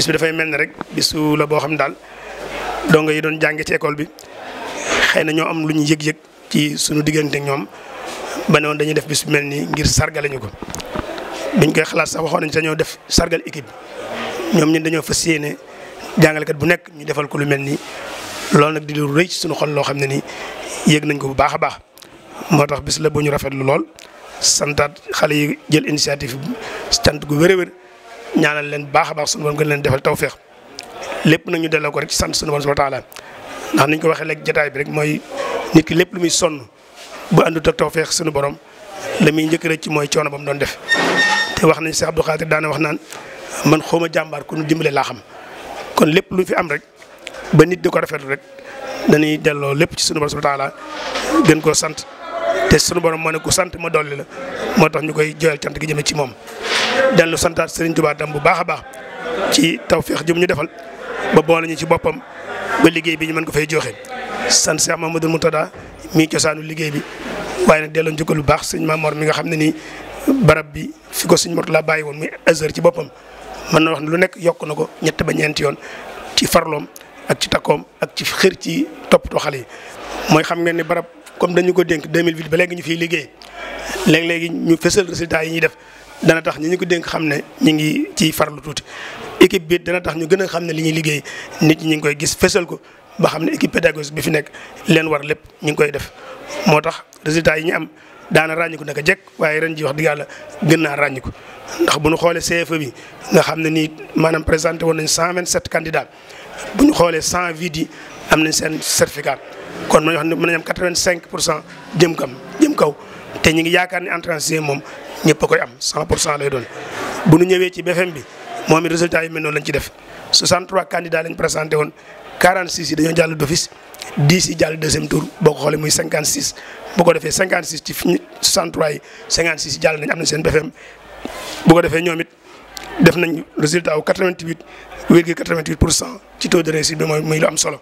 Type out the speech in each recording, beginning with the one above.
bis bi dafay mel ni rek bisu la boo xam ne daal dongo yi doon jànge ci école bi xëy na ñoo am lu ñu yëg-yëg ci suñu diggante ñoom ba ne dañuy def bis bi mel nii ngir sargale ko biñ koy xalaat sax waxoon nañ dañoo def sargal équipe ñoom ñun dañoo fas yéene jàngalekat bu nekk ñu defal ko lu mel nii loolu nag di lu rëy ci suñu xol loo xam ne nii yëg nañ ko bu baax a baax moo tax bis la boo ñu rafet lu lool santaat xale yi jël initiative cant gu wërëwër ñaanal leen baax a baax sunu borom gën leen defal tawféex lépp nag ñu delloo ko rek ci sant sunu borom subhaanahu taalaa taala ndax ni ñu ko waxee léegi jotaay bi rek mooy nit ki lépp lu muy sonn bu àndut taw feex sunu borom la muy njëkk rek ci mooy coono ba mu doon def. te wax nañ Cheikh Abdou Khadir daana wax naan man xawma jàmbaar ku nu dimbale laa xam kon lépp lu fi am rek ba nit di ko rafetlu rek dañuy delloo lépp ci sunu borom subhaanahu wa taala gën koo sant. te sunu borom moo ne ku sant ma dolli la moo tax ñu koy joyal cant gi jëme ci moom dellu santaat Serigne Touba tam bu baax a baax ci taw tawféex jum ñu defal ba boole ñu ci boppam ba liggéey bi ñu mën ko fay joxe sant Cheikh Mamadou Moutada mii cosaanu liggéey bi waaye nag delloo njukkal bu baax sëñ Mamor mi nga xam ne ni barab bi fi ko sëñ Mourtala bàyyi woon muy azar ci boppam mën na wax ne lu nekk yokk na ko ñett ba ñeenti yoon ci farloom ak ci takkoom ak ci xër ci toppatoo xale yi mooy xam ngeen ni barab comme dañu ko dénk 2008 ba léegi ñu fiy liggéey léeg-léegi ñu fësal résultat yi ñuy def dana tax ñi ñu ko dénk xam ne ñu ngi ciy farlu tuuti équipe dana tax ñu gën a xam ne li ñuy liggéey nit ñi ñu ngi koy gis fesal ko ba xam ne équipe pédagogique bi fi nekk leen war lépp ñu ngi koy def moo tax résultats yi ñu am daana ràññiku naka jekk waaye ren ji wax dëgg yàlla gën naa ràññiku ndax bu nu xoolee CFE bi nga xam ne nii maanaam présenté woon nañ 127 candidats bu ñu xoolee cent vides yi am nañ seen certificat kon mën nañu wax ne mën nañu am 85 pour cent jëm kam jëm kaw te ñu ngi yaakaar ne entrance moom ñëpp koy am cent pour cent lay doon bu nu ñëwee ci BFM bi moom it résultat yi mel noonu lañ ci def 63 candidats lañ présenté woon 46 yi dañoo jàll d'office 10 yi jàll deuxième tour boo ko xoolee muy 56 bu ko defee 56 ci fi ñu 63 yi 56 yi jàll nañ am nañ seen BFM bu ko defee ñoom it def nañ résultat wu 88 virgule 88 pour cent ci taux de réussite bi mooy am solo.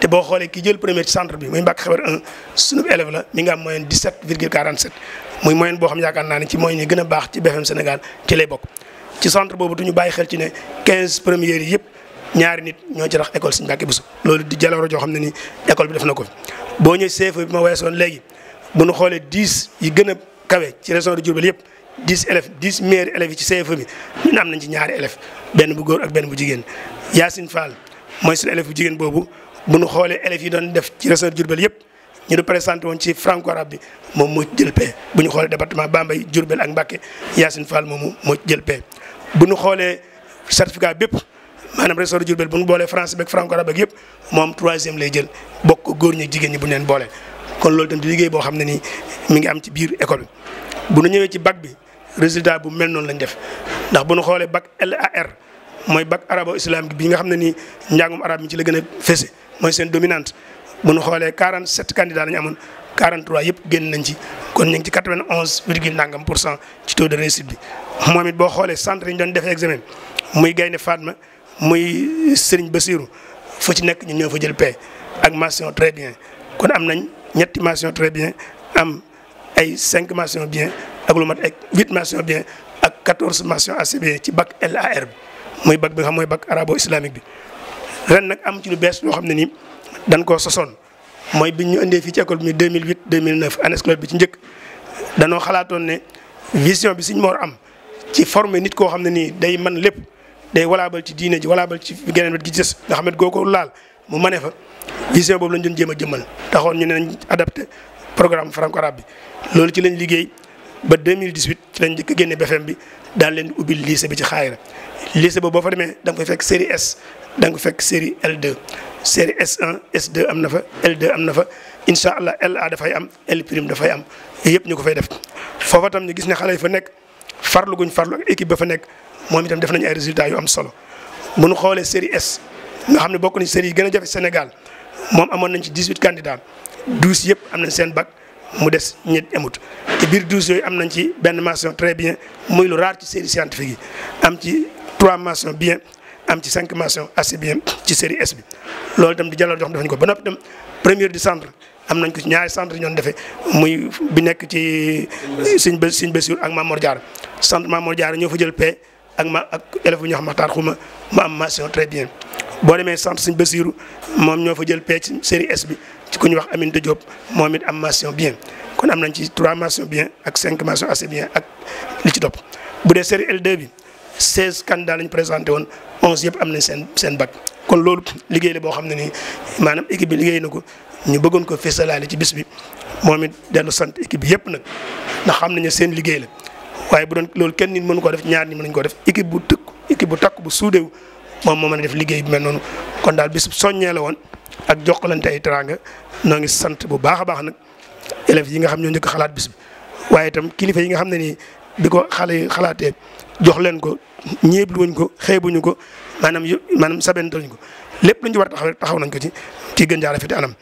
te boo xoolee ki jël premier ci centre bi muy Mbacke Xebar 1 sunu élève la mi nga am moyenne 17 virgule 47 muy moyenne boo xam yaakaar naa ne ci moyenne yi gën a baax ci BFM Sénégal ci lay bokk ci centre boobu tu ñu bàyyi xel ci ne 15 premières yi yëpp ñaari nit ñoo ci rax école Serigne Mbacké Bousso loolu di jalooro joo xam ne ni école bi def na ko boo ñëwee CFEE bi ma weesoon léegi bu ñu xoolee 10 yi gën a kawe ci région de Diourbel yëpp 10 élèves 10 meilleurs élèves yi ci CFEE bi ñun ci ñaari élèves benn bu góor ak benn bu jigéen Yacine Fall mooy suñu élève jigéen boobu bu nu xoolee élèves yi doon def ci région Diourbel yëpp ñu nu présenté woon ci franco arabe bi moom moo jël paie bu ñu xoolee département Bambey Diourbel ak Mbacké Yacine Fall moom moo jël paie bu nu xoolee certificat bépp maanaam région Diourbel bu ñu boolee français beeg franco arabe ak yëpp moom troisième lay jël bokk góor ñi jigéen ñi bu ñu boole. kon loolu itam liggéey boo xam ne nii mi ngi am ci biir école bu nu ñëwee ci bac bi résultat bu mel noonu lañ def ndax bu nu xoolee bac LAR. mooy bac arabo islamique bi nga xam ne ni njàngum arab mi ci la gën a fese mooy seen dominante bu ñu xoolee 47 candidats la ñu amoon 43 yëpp génn nañ ci kon ñu ngi ci 91 virgule nangam pour cent ci taux de réussite bi. moom it boo xoolee centre yi ñu doon defee examen muy Gaynde Fatma muy Serigne Bassirou fu ci nekk ñu ñëw fa jël paie ak massion très bien kon am nañ ñetti mention très bien am ay 5 mention bien ak lu mat ay 8 mention bien ak 14 mention assez bien ci bac LAR bi. muy bac bi nga xam mooy bac arabo islamique bi ren nag am ci lu bees loo xam ne nii dan koo sosoon mooy bi ñu indee fii ci école bi 2008 2009 année scolaire bi ci njëkk danoo xalaatoon ne vision bi suñ moor am ci former nit koo xam ne nii day man lépp day walaabal ci diine ji walaabal ci geneen gi ci des xam ne goo ko laal mu mane fa vision boobu lañ doon jéem a jëmmal taxoon ñu ne nañ adapté programme franco arabe bi loolu ci lañ liggéey ba 2018 ci lañ njëkk a génne BFM bi daal leen ubbi lycée bi ci xaayira lycée boobu boo fa demee da nga koy fekk série S danga nga ko fekk série l série S1 S2 am na fa l am na fa incha allah LA dafay am L dafay am yëpp ñu ko fay def foofa tam ñu gis ne xale yi fa nekk farlu guñ farlu ak équipe ba fa nekk moom itam def nañu ay résultats yu am solo bu ñu xoolee série S nga xam ne bokk nañ série yi gën a jafe Sénégal moom amoon nañ ci 18 candidats 12 yëpp am nañ seen bac. mu des ñett amut te biir douze yooyu am nañ ci benn massion très bien muy lu raar ci série scientifique am ci trois massion bien am ci cinq massion assez bien ci seeri S bi. loolu itam di jàllal jox defañ ko ba noppi itam première du centre am nañ ko ñaari centre ñoon defee muy bi nekk ci. Sëñ Bas Sëñ Bassirou ak Mamor Diarra centre Mamor jaar ñoo fa jël paie ak ma ak élève bu ñuy wax Maxtaar mu am mention très bien boo demee centre Sëñ Bassirou moom ñoo fa jël paie ci série S bi. ci ku ñu wax amin Diop moom it am mention bien kon am nañ ci 3 mention bien ak cinq mention assez bien ak li ci topp. bu dee série L2 bi daal candidats lañ présenté woon 11 yëpp am nañ seen seen kon loolu liggéey la boo xam ne nii maanaam équipe bi liggéey na ko ñu bëggoon ko fesalaale ci bis bi moom it dellu sant équipe bi yëpp nag ndax xam nañu seen liggéey la. waaye bu doon loolu kenn nit mënu koo def ñaar nit mënuñ ko def équipe bu tëkk équipe bu takk bu suudewu moom moo mën a def liggéey bi mel kon daal bis soññee la woon ak jokkalante ay teraanga noo ngi sant bu baax a baax nag élèves yi nga xam ñoo njëkk xalaat bis bi waaye itam kilifa yi nga xam ne ni bi ko xale xalaatee jox leen ko ñeeblu wuñ ko xeebuñu ko maanaam yëpp maanaam sabentaluñ ko lépp luñ ci war taxaw nañ ko ci ci gën jaa rafet anam.